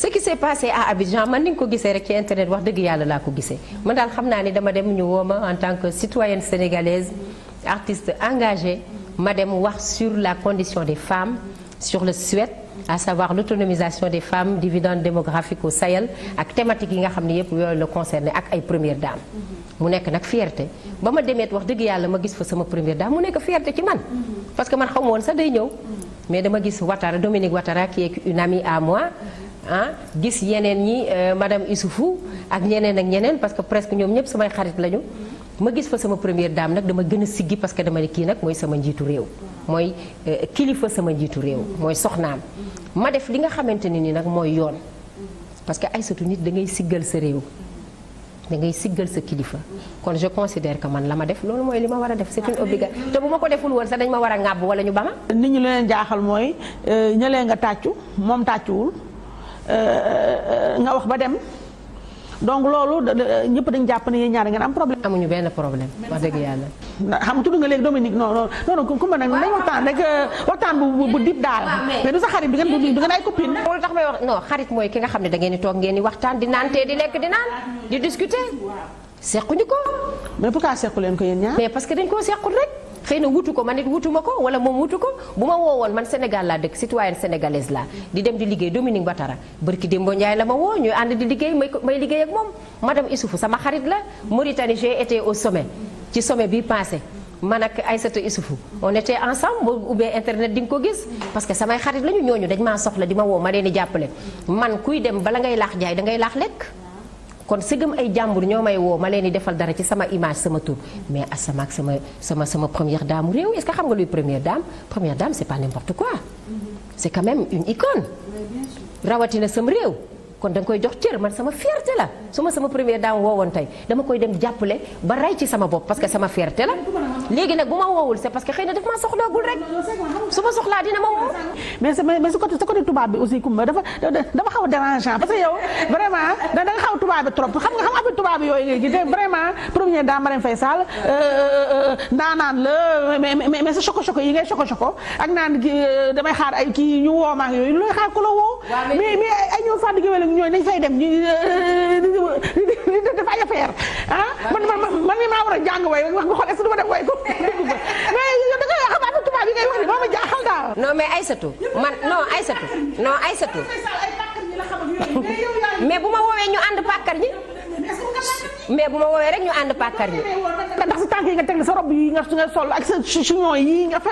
ce qui s'est passé à Abidjan man ni nga ko gisee rek ci internet wax dëgg yàlla laa ko gisee man daal xam naa ni dama dem ñu woo ma en tant que citoyenne sénégalaise artiste engagée ma dem wax sur la condition des femmes sur le Suède à savoir l'autonomisation des femmes dividende démographique au Sahel ak thématique yi nga xam ne yëpp yooyu la concerné ak ay première dame mu nekk nag fierté ba ma demeet wax dëgg yàlla ma gis fa sama première dame mu nekk fierté ci man parce que man xam woon sax day gis Ouattara Dominique Ouattara qui est une amie à ah gis yeneen ñi euh, madame Issoufou ak ñeneen ak ñeneen parce que presque ñoom ñëpp samay xarit lañu. ma gis fa sama première daam nag dama gën a siggi parce que dama ne kii nag mooy sama njiitu réew. mooy euh, kilifa sama njiitu réew. mooy soxnaam. ma def li nga xamante ne ni nag mooy yoon. parce que ay satu nit da ngay siggal sa réew. da ngay siggal sa kilifa. kon je considère que man la ma def loolu mooy li ma war a def c'est une ah, te bu ma ko deful woon sax dañ ma war a ŋàbb wala ñu ba ma. nit ñi leen jaaxal mooy euh, ñëlee nga tàccu moom tàccuwul. Euh, euh, nga wax ba dem donc loolu ñëpp dañ jàpp na yéen ñaar ngeen am problème. amuñu benn problème yàlla. xam tudd nga léegi Dominique non non non Kumba nag nañ waxtaan rek euh, waxtaan bu bu dib daal. mais du sa xarit bi ngeen du ngeen ay copine. loolu tax xarit mooy ki nga xam ne da ngeen toog ngeen di waxtaan di naan te di lekk di naan di discuter. sequñu ko. mais pourquoi sequ leen ko yéen ñaar. mais parce que dañ koo sequl rek. xëy na wutu ko ma it wutu ma ko wala moom wutu ko bu ma woon man Sénégal laa dëkk citoyenne sénégalaise laa di dem di liggéey Dominique Batara bërki Dembo Ndiaye la ma woo ñuy ànd di liggéey may may liggéey ak moom ma madame Issoufou sama xarit la Mauritanie j'ai été au sommet ci sommet bi passé man ak Aïssatou Issoufou on était ensemble boo ubbee internet di nga ko gis parce que samay xarit lañu ñooñu dañ maa soxla di ma woo ma leen di jàppale man kuy dem bala ngay laax jaay da ngay laax lekk kon sëgëm ay jàmbur ñoo may woo ma leen di defal dara ci sama image sama tur mais asama ak sama sama sama première dame mu réew est-ce xam nga luy première dame première dame c'est pas n'importe quoi. c'est que même une icône. rawatina sam réew. kon da nga koy jox cër man sama fierté la su ma sama premier dame woowoon tey dama koy dem jàppale ba rey ci sama bopp parce que sama fierté la léegi nag bu ma woowul c'est parce que xëy na daf maa soxlaagul rek su ma soxlaa dina ma woo. mais sa mais sa côté sa côté tubaab bi a dérangeant parce que yow vraiment trop xam nga xam nga tubaab bi yooyu ngay gis vraiment première dame Marème Faye Sall euh, euh, euh, naanaan la mais sa choco choco yi ngay choco choco ak naan damay xaar ay kii ñu woo ma ak yooyu looy xaar ku la woo. ñun ñooy nañ fay dem ñu def ay affaire ah man man man mi maa war a jàng way wax ma dem way ko mais yow da ma jaaxal daal non mais Aïssatou man bu ma woowee ñu ànd pàkkar ñi mais bu ma woowee rek ñu ànd pàkkar ñi ndax si tànk yi nga teg sa robe yi nga sol ak sa chignon yi nga fa.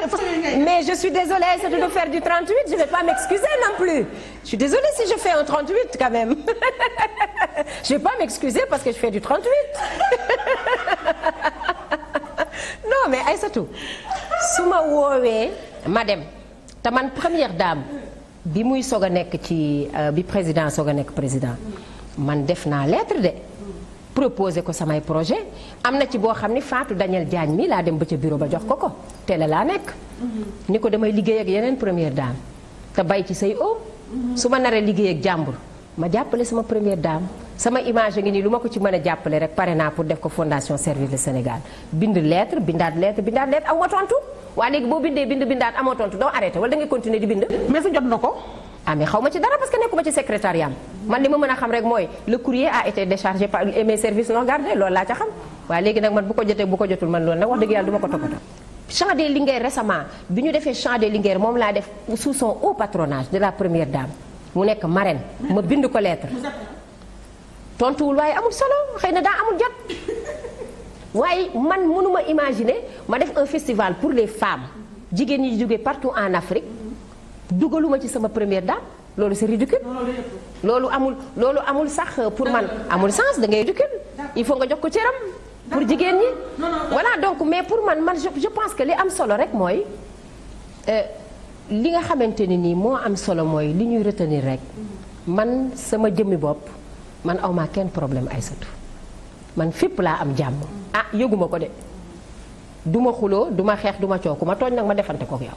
mais je suis désolée je suis désolée si je fais un 38 quand même je vais pas m'excuser parce que je fais du 38 non mais Aïssatou su ma woowee ma dem te man première dame bi muy soog a nekk ci euh, bi président soog a nekk président man def naa lettre de. proposé ko samay projet am na ci boo xam ni Fatou Daniel Diagne mi laa dem ba ca bureau ba jox ko ko télé laa nekk. Mhm. ni ko damay liggéey ak yeneen première dame te bay ci say oom. Mhm. su ma naree liggéey ak jàmbur ma jàppale sama première dame sama image ngi nii lu ma ko ci mën a jàppale rek pare naa pour def ko fondation Servir le Sénégal bind lettre bindaat lettre bindaat lettre aw ma tontu waa léegi boo bindee bind bindaat amoo tontu doo arrêté wala da ngay di bind. mais ko. ah mais xaw ma ci dara parce que nekkuma ci secrétariat man li ma mën a xam rek mooy le courrier a été déchargé par et mes services non gardés loolu laa ca xam waaye léegi nag man bu ko jotee bu ko jotul man loolu nag wax dëgg yàlla du ma ko toppatoo. Champ des Linguères récemment bi ñu defee Champ des Linguères moom laa def sous son patronage de la première dame mu nekk marraine ma bind ko lettre tontuwul waaye amul solo xëy na daa amul jot waaye man mënuma imaginer ma def un festival pour les femmes jigéen ñi jóge partout en Afrique. dugaluma ci sama première dame loolu c'est ridicule loolu amul loolu amul sax pour man amul sens da ngay ridicule il faut nga jox ko cëram pour jigéen ñi voilà donc mais pour man man je pense que li am solo rek mooy euh, li nga xamante ni nii moo am solo mooy li ñuy retenir rek mm-hmm. man sama jëmmi bopp man awmaa kenn problème ay satu man fépp laa am jàmm mm-hmm. ah yëguma ko de du ma xuloo du ma xeex du ma coow ku ma tooñ nag ma defante kook yow.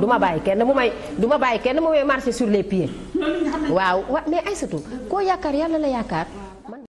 du ma bàyyi kenn mu may du ma bàyyi kenn mu may marcher sur les pieds. waaw wa mais Aïssatou koo yaakaar yàlla la yaakaar.